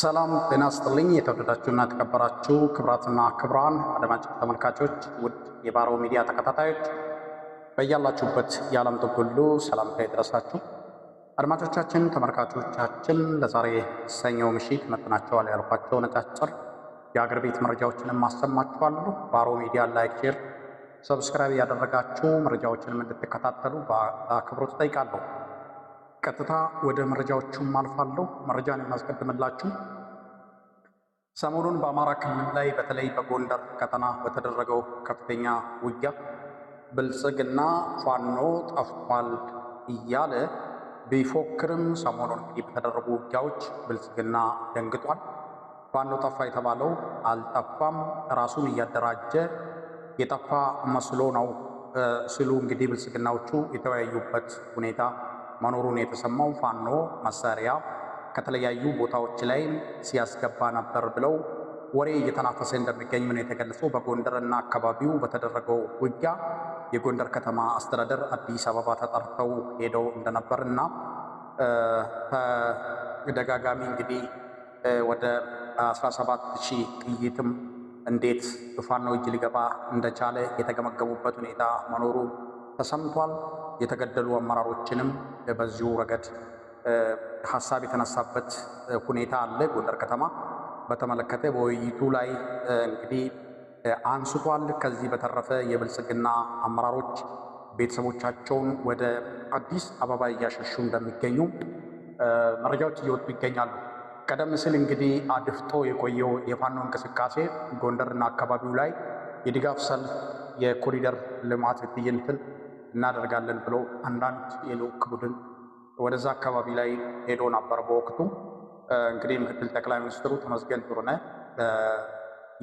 ሰላም ጤና ስጥልኝ። የተወደዳችሁና የተከበራችሁ ክብራትና ክብራን አድማጭ ተመልካቾች፣ ውድ የባሮ ሚዲያ ተከታታዮች በያላችሁበት የዓለም ጥግ ሁሉ ሰላምታ ይድረሳችሁ። አድማጮቻችን፣ ተመልካቾቻችን ለዛሬ ሰኞ ምሽት መጥናቸዋል ያልኳቸው ነጫጭር የአገር ቤት መረጃዎችንም አሰማችኋለሁ። ባሮ ሚዲያ ላይክ፣ ሼር፣ ሰብስክራይብ ያደረጋችሁ መረጃዎችንም እንድትከታተሉ በአክብሮት ጠይቃለሁ። ቀጥታ ወደ መረጃዎቹም አልፋለሁ። መረጃን የማስቀድምላችሁ ሰሞኑን በአማራ ክልል ላይ በተለይ በጎንደር ቀጠና በተደረገው ከፍተኛ ውጊያ ብልጽግና ፋኖ ጠፍቷል እያለ ቢፎክርም ሰሞኑን እንግዲህ በተደረጉ ውጊያዎች ብልጽግና ደንግጧል። ፋኖ ጠፋ የተባለው አልጠፋም፣ ራሱን እያደራጀ የጠፋ መስሎ ነው ሲሉ እንግዲህ ብልጽግናዎቹ የተወያዩበት ሁኔታ መኖሩን የተሰማው ፋኖ መሳሪያ ከተለያዩ ቦታዎች ላይ ሲያስገባ ነበር ብለው ወሬ እየተናፈሰ እንደሚገኝ ነው የተገለጸው። በጎንደርና አካባቢው በተደረገው ውጊያ የጎንደር ከተማ አስተዳደር አዲስ አበባ ተጠርተው ሄደው እንደነበር እና በደጋጋሚ እንግዲህ ወደ 17 ሺህ ጥይትም እንዴት ፋኖ እጅ ሊገባ እንደቻለ የተገመገሙበት ሁኔታ መኖሩ ተሰምቷል። የተገደሉ አመራሮችንም በዚሁ ረገድ ሀሳብ የተነሳበት ሁኔታ አለ። ጎንደር ከተማ በተመለከተ በውይይቱ ላይ እንግዲህ አንስቷል። ከዚህ በተረፈ የብልጽግና አመራሮች ቤተሰቦቻቸውን ወደ አዲስ አበባ እያሸሹ እንደሚገኙ መረጃዎች እየወጡ ይገኛሉ። ቀደም ሲል እንግዲህ አድፍጦ የቆየው የፋኖ እንቅስቃሴ ጎንደርና አካባቢው ላይ የድጋፍ ሰልፍ፣ የኮሪደር ልማት ትዕይንትን እናደርጋለን ብለው አንዳንድ የልዑክ ቡድን ወደዛ አካባቢ ላይ ሄዶ ነበር። በወቅቱ እንግዲህ ምክትል ጠቅላይ ሚኒስትሩ ተመስገን ጥሩነህ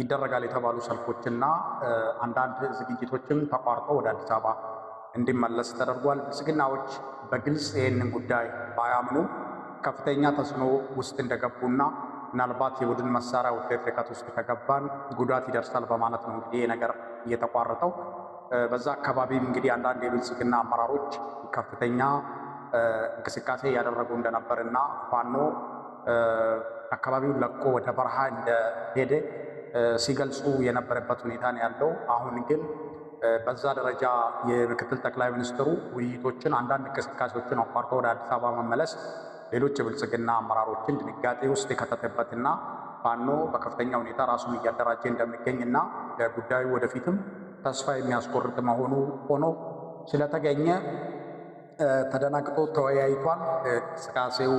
ይደረጋል የተባሉ ሰልፎችና አንዳንድ ዝግጅቶችም ተቋርጦ ወደ አዲስ አበባ እንዲመለስ ተደርጓል። ብልጽግናዎች በግልጽ ይህንን ጉዳይ ባያምኑ ከፍተኛ ተጽዕኖ ውስጥ እንደገቡና ምናልባት የቡድን መሳሪያ ውጤት ርቀት ውስጥ ከገባን ጉዳት ይደርሳል በማለት ነው እንግዲህ ይህ ነገር እየተቋረጠው በዛ አካባቢም እንግዲህ አንዳንድ የብልጽግና አመራሮች ከፍተኛ እንቅስቃሴ እያደረጉ እንደነበርና ፋኖ አካባቢውን ለቆ ወደ በረሃ እንደሄደ ሲገልጹ የነበረበት ሁኔታ ነው ያለው። አሁን ግን በዛ ደረጃ የምክትል ጠቅላይ ሚኒስትሩ ውይይቶችን፣ አንዳንድ እንቅስቃሴዎችን አቋርጦ ወደ አዲስ አበባ መመለስ ሌሎች የብልጽግና አመራሮችን ድንጋጤ ውስጥ የከተተበትና ፋኖ በከፍተኛ ሁኔታ ራሱን እያደራጀ እንደሚገኝና ጉዳዩ ወደፊትም ተስፋ የሚያስቆርጥ መሆኑ ሆኖ ስለተገኘ ተደናግጦ ተወያይቷል። እንቅስቃሴው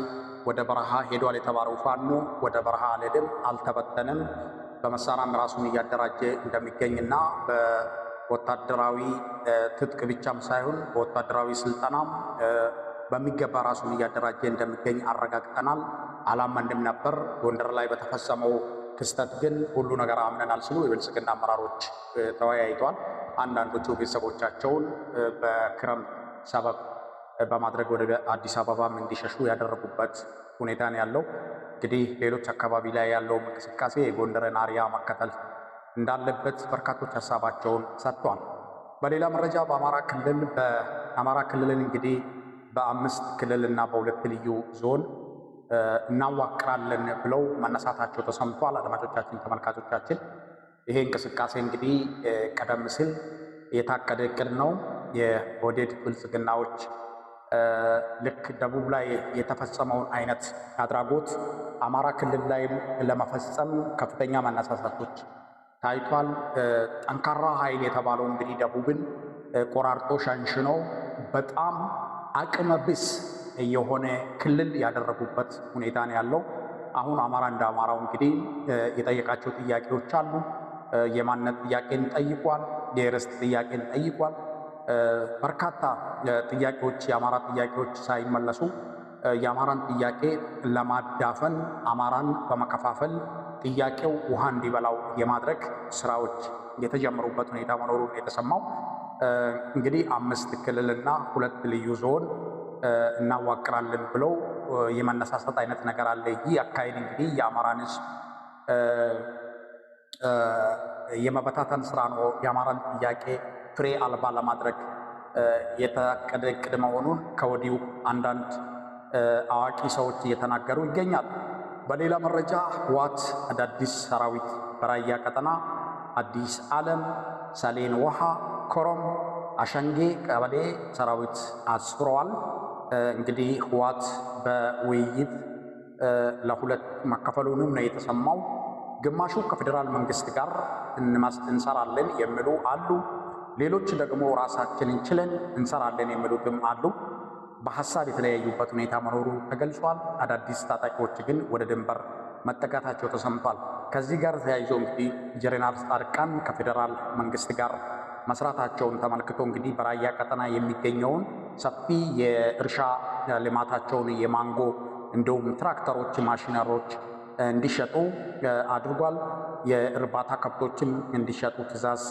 ወደ በረሃ ሄዷል የተባለው ፋኖ ወደ በረሃ አልሄድም፣ አልተበተንም፣ በመሳሪያም ራሱን እያደራጀ እንደሚገኝና በወታደራዊ ትጥቅ ብቻም ሳይሆን በወታደራዊ ስልጠናም በሚገባ ራሱን እያደራጀ እንደሚገኝ አረጋግጠናል። አላማ ነበር ጎንደር ላይ በተፈጸመው ክስተት ግን ሁሉ ነገር አምነናል ሲሉ የብልጽግና አመራሮች ተወያይቷል። አንዳንዶቹ ቤተሰቦቻቸውን በክረምት ሰበብ በማድረግ ወደ አዲስ አበባም እንዲሸሹ ያደረጉበት ሁኔታ ነው ያለው። እንግዲህ ሌሎች አካባቢ ላይ ያለው እንቅስቃሴ የጎንደርን አርያ መከተል እንዳለበት በርካቶች ሀሳባቸውን ሰጥቷል። በሌላ መረጃ በአማራ ክልል በአማራ ክልልን እንግዲህ በአምስት ክልል እና በሁለት ልዩ ዞን እናዋቅራለን ብለው መነሳታቸው ተሰምቷል። አድማጮቻችን፣ ተመልካቾቻችን ይሄ እንቅስቃሴ እንግዲህ ቀደም ሲል የታቀደ እቅድ ነው። የወዴድ ብልጽግናዎች ልክ ደቡብ ላይ የተፈጸመውን አይነት አድራጎት አማራ ክልል ላይ ለመፈጸም ከፍተኛ መነሳሳቶች ታይቷል። ጠንካራ ኃይል የተባለው እንግዲህ ደቡብን ቆራርጦ ሸንሽኖ በጣም አቅመ ቢስ የሆነ ክልል ያደረጉበት ሁኔታ ነው ያለው። አሁን አማራ እንደ አማራው እንግዲህ የጠየቃቸው ጥያቄዎች አሉ። የማንነት ጥያቄን ጠይቋል። የርስት ጥያቄን ጠይቋል። በርካታ ጥያቄዎች የአማራ ጥያቄዎች ሳይመለሱ የአማራን ጥያቄ ለማዳፈን አማራን በመከፋፈል ጥያቄው ውሃ እንዲበላው የማድረግ ስራዎች የተጀመሩበት ሁኔታ መኖሩን የተሰማው እንግዲህ አምስት ክልልና ሁለት ልዩ ዞን እናዋቅራለን ብለው የማነሳሳት አይነት ነገር አለ። ይህ አካሄድ እንግዲህ የአማራን ህዝብ የመበታተን ስራ ነው። የአማራን ጥያቄ ፍሬ አልባ ለማድረግ የታቀደ እቅድ መሆኑን ከወዲሁ አንዳንድ አዋቂ ሰዎች እየተናገሩ ይገኛል። በሌላ መረጃ ህወሓት አዳዲስ ሰራዊት በራያ ቀጠና አዲስ ዓለም፣ ሰሌን ውሃ፣ ኮረም፣ አሸንጌ ቀበሌ ሰራዊት አስፍረዋል። እንግዲህ ህዋት በውይይት ለሁለት መከፈሉንም ነው የተሰማው። ግማሹ ከፌዴራል መንግስት ጋር እንሰራለን የሚሉ አሉ። ሌሎች ደግሞ ራሳችንን ችለን እንሰራለን የሚሉትም አሉ። በሀሳብ የተለያዩበት ሁኔታ መኖሩ ተገልጿል። አዳዲስ ታጣቂዎች ግን ወደ ድንበር መጠጋታቸው ተሰምቷል። ከዚህ ጋር ተያይዞ እንግዲህ ጀነራል ጻድቃን ከፌዴራል መንግስት ጋር መስራታቸውን ተመልክቶ እንግዲህ በራያ ቀጠና የሚገኘውን ሰፊ የእርሻ ልማታቸውን የማንጎ እንዲሁም ትራክተሮች፣ ማሽነሮች እንዲሸጡ አድርጓል። የእርባታ ከብቶችም እንዲሸጡ ትዕዛዝ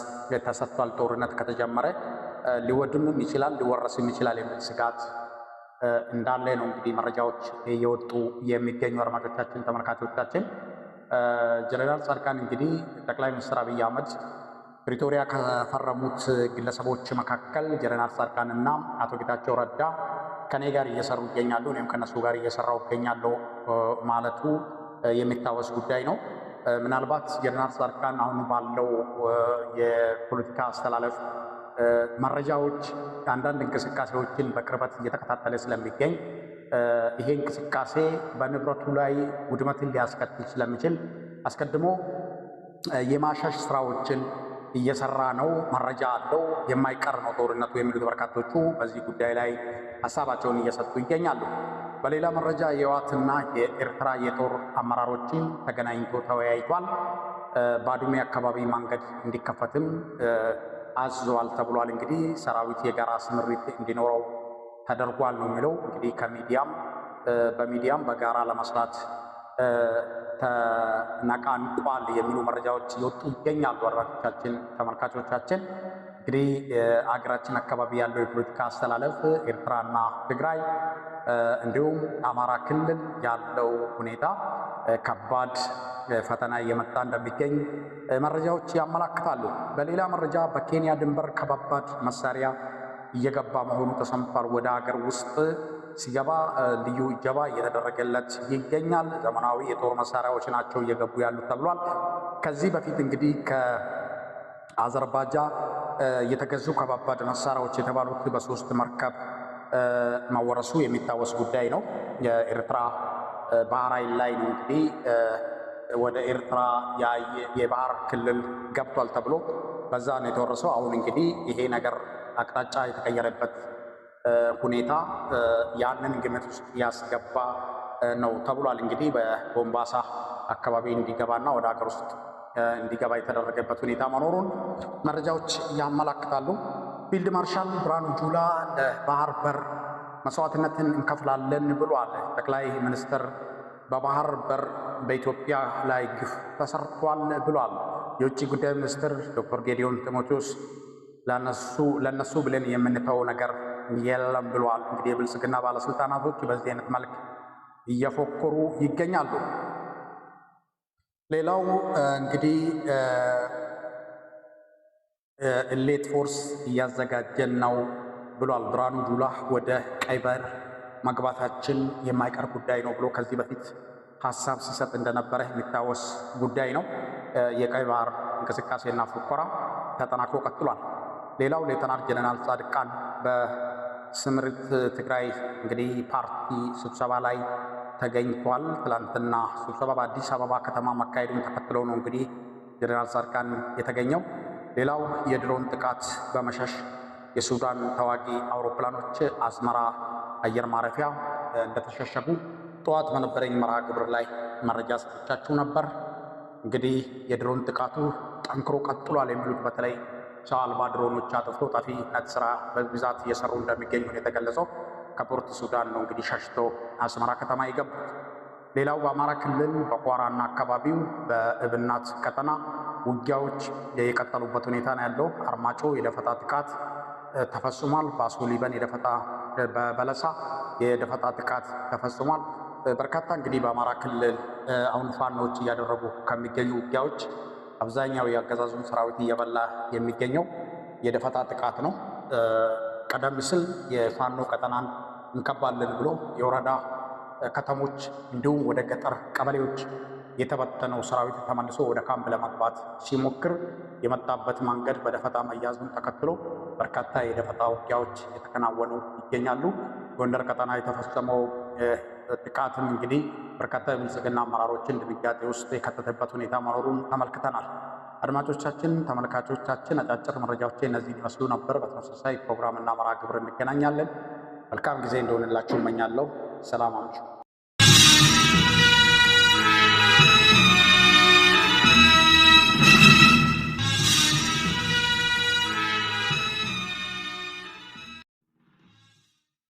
ተሰጥቷል። ጦርነት ከተጀመረ ሊወድምም ይችላል ሊወረስም ይችላል የሚል ስጋት እንዳለ ነው እንግዲህ መረጃዎች እየወጡ የሚገኙ አድማጮቻችን፣ ተመልካቾቻችን ጀነራል ጻድቃን እንግዲህ ጠቅላይ ሚኒስትር አብይ አህመድ ፕሪቶሪያ ከፈረሙት ግለሰቦች መካከል ጀነራል ጻድቃን እና አቶ ጌታቸው ረዳ ከኔ ጋር እየሰሩ ይገኛሉ፣ እኔም ከነሱ ጋር እየሰራው ይገኛለሁ ማለቱ የሚታወስ ጉዳይ ነው። ምናልባት ጀነራል ጻድቃን አሁን ባለው የፖለቲካ አስተላለፍ መረጃዎች አንዳንድ እንቅስቃሴዎችን በቅርበት እየተከታተለ ስለሚገኝ ይሄ እንቅስቃሴ በንብረቱ ላይ ውድመትን ሊያስከትል ስለሚችል አስቀድሞ የማሻሽ ስራዎችን እየሰራ ነው፣ መረጃ አለው፣ የማይቀር ነው ጦርነቱ የሚሉት በርካቶቹ በዚህ ጉዳይ ላይ ሀሳባቸውን እየሰጡ ይገኛሉ። በሌላ መረጃ የህወሓትና የኤርትራ የጦር አመራሮችን ተገናኝቶ ተወያይቷል። ባዱሜ አካባቢ መንገድ እንዲከፈትም አዝዟል ተብሏል። እንግዲህ ሰራዊት የጋራ ስምሪት እንዲኖረው ተደርጓል ነው የሚለው እንግዲህ ከሚዲያም በሚዲያም በጋራ ለመስራት ተነቃንቋል የሚሉ መረጃዎች የወጡ ይገኛሉ። አድማጮቻችን፣ ተመልካቾቻችን እንግዲህ አገራችን አካባቢ ያለው የፖለቲካ አስተላለፍ ኤርትራና ትግራይ እንዲሁም አማራ ክልል ያለው ሁኔታ ከባድ ፈተና እየመጣ እንደሚገኝ መረጃዎች ያመላክታሉ። በሌላ መረጃ በኬንያ ድንበር ከባባድ መሳሪያ እየገባ መሆኑ ተሰምቷል ወደ ሀገር ውስጥ ሲገባ ልዩ እጀባ እየተደረገለት ይገኛል። ዘመናዊ የጦር መሳሪያዎች ናቸው እየገቡ ያሉት ተብሏል። ከዚህ በፊት እንግዲህ ከአዘርባጃ የተገዙ ከባባድ መሳሪያዎች የተባሉት በሶስት መርከብ መወረሱ የሚታወስ ጉዳይ ነው። የኤርትራ ባህር ኃይል ላይ ነው እንግዲህ ወደ ኤርትራ የባህር ክልል ገብቷል ተብሎ በዛ ነው የተወረሰው። አሁን እንግዲህ ይሄ ነገር አቅጣጫ የተቀየረበት ሁኔታ ያንን ግምት ውስጥ ያስገባ ነው ተብሏል። እንግዲህ በቦምባሳ አካባቢ እንዲገባና ወደ ሀገር ውስጥ እንዲገባ የተደረገበት ሁኔታ መኖሩን መረጃዎች ያመላክታሉ። ፊልድ ማርሻል ብርሃኑ ጁላ ለባህር በር መስዋዕትነትን እንከፍላለን ብሏል። ጠቅላይ ሚኒስትር በባህር በር በኢትዮጵያ ላይ ግፍ ተሰርቷል ብሏል። የውጭ ጉዳይ ሚኒስትር ዶክተር ጌዲዮን ጢሞቴዎስ ለነሱ ብለን የምንተው ነገር የለም ብሏል። እንግዲህ የብልጽግና ባለስልጣናቶች በዚህ አይነት መልክ እየፎከሩ ይገኛሉ። ሌላው እንግዲህ እሌት ፎርስ እያዘጋጀን ነው ብሏል። ብርሃኑ ጁላ ወደ ቀይ መግባታችን የማይቀር ጉዳይ ነው ብሎ ከዚህ በፊት ሀሳብ ሲሰጥ እንደነበረ የሚታወስ ጉዳይ ነው። የቀይ ባህር እንቅስቃሴና ፉኮራ ተጠናክሮ ቀጥሏል። ሌላው ሌተናል ጀነራል ጻድቃን በስምርት ትግራይ እንግዲህ ፓርቲ ስብሰባ ላይ ተገኝቷል። ትላንትና ስብሰባ በአዲስ አበባ ከተማ መካሄዱን ተከትሎ ነው እንግዲህ ጀነራል ጻድቃን የተገኘው። ሌላው የድሮን ጥቃት በመሸሽ የሱዳን ተዋጊ አውሮፕላኖች አስመራ አየር ማረፊያ እንደተሸሸጉ ጠዋት በነበረኝ መርሃ ግብር ላይ መረጃ ሰጥቻችሁ ነበር። እንግዲህ የድሮን ጥቃቱ ጠንክሮ ቀጥሏል የሚሉት በተለይ ሰው አልባ ድሮኖች አጥፍቶ ጠፊነት ስራ በብዛት እየሰሩ እንደሚገኙ ነው የተገለጸው። ከፖርት ሱዳን ነው እንግዲህ ሸሽቶ አስመራ ከተማ የገቡት። ሌላው በአማራ ክልል በቋራና አካባቢው በእብናት ቀጠና ውጊያዎች የቀጠሉበት ሁኔታ ነው ያለው። አርማጮ የደፈጣ ጥቃት ተፈጽሟል። በአሶሊበን የደፈጣ በበለሳ የደፈጣ ጥቃት ተፈጽሟል። በርካታ እንግዲህ በአማራ ክልል አሁን ፋኖች እያደረጉ ከሚገኙ ውጊያዎች አብዛኛው የአገዛዙን ሰራዊት እየበላ የሚገኘው የደፈጣ ጥቃት ነው። ቀደም ሲል የፋኖ ቀጠናን እንከባለን ብሎ የወረዳ ከተሞች እንዲሁም ወደ ገጠር ቀበሌዎች የተበተነው ሰራዊት ተመልሶ ወደ ካምፕ ለመግባት ሲሞክር የመጣበት መንገድ በደፈጣ መያዙን ተከትሎ በርካታ የደፈጣ ውጊያዎች የተከናወኑ ይገኛሉ። ጎንደር ቀጠና የተፈጸመው ጥቃትም እንግዲህ በርካታ የብልጽግና አመራሮችን ድንጋጤ ውስጥ የከተተበት ሁኔታ መኖሩን ተመልክተናል። አድማጮቻችን፣ ተመልካቾቻችን አጫጭር መረጃዎች እነዚህን ይመስሉ ነበር። በተመሳሳይ ፕሮግራምና መርሃ ግብር እንገናኛለን። መልካም ጊዜ እንደሆነላችሁ እመኛለሁ። ሰላም አምሹ።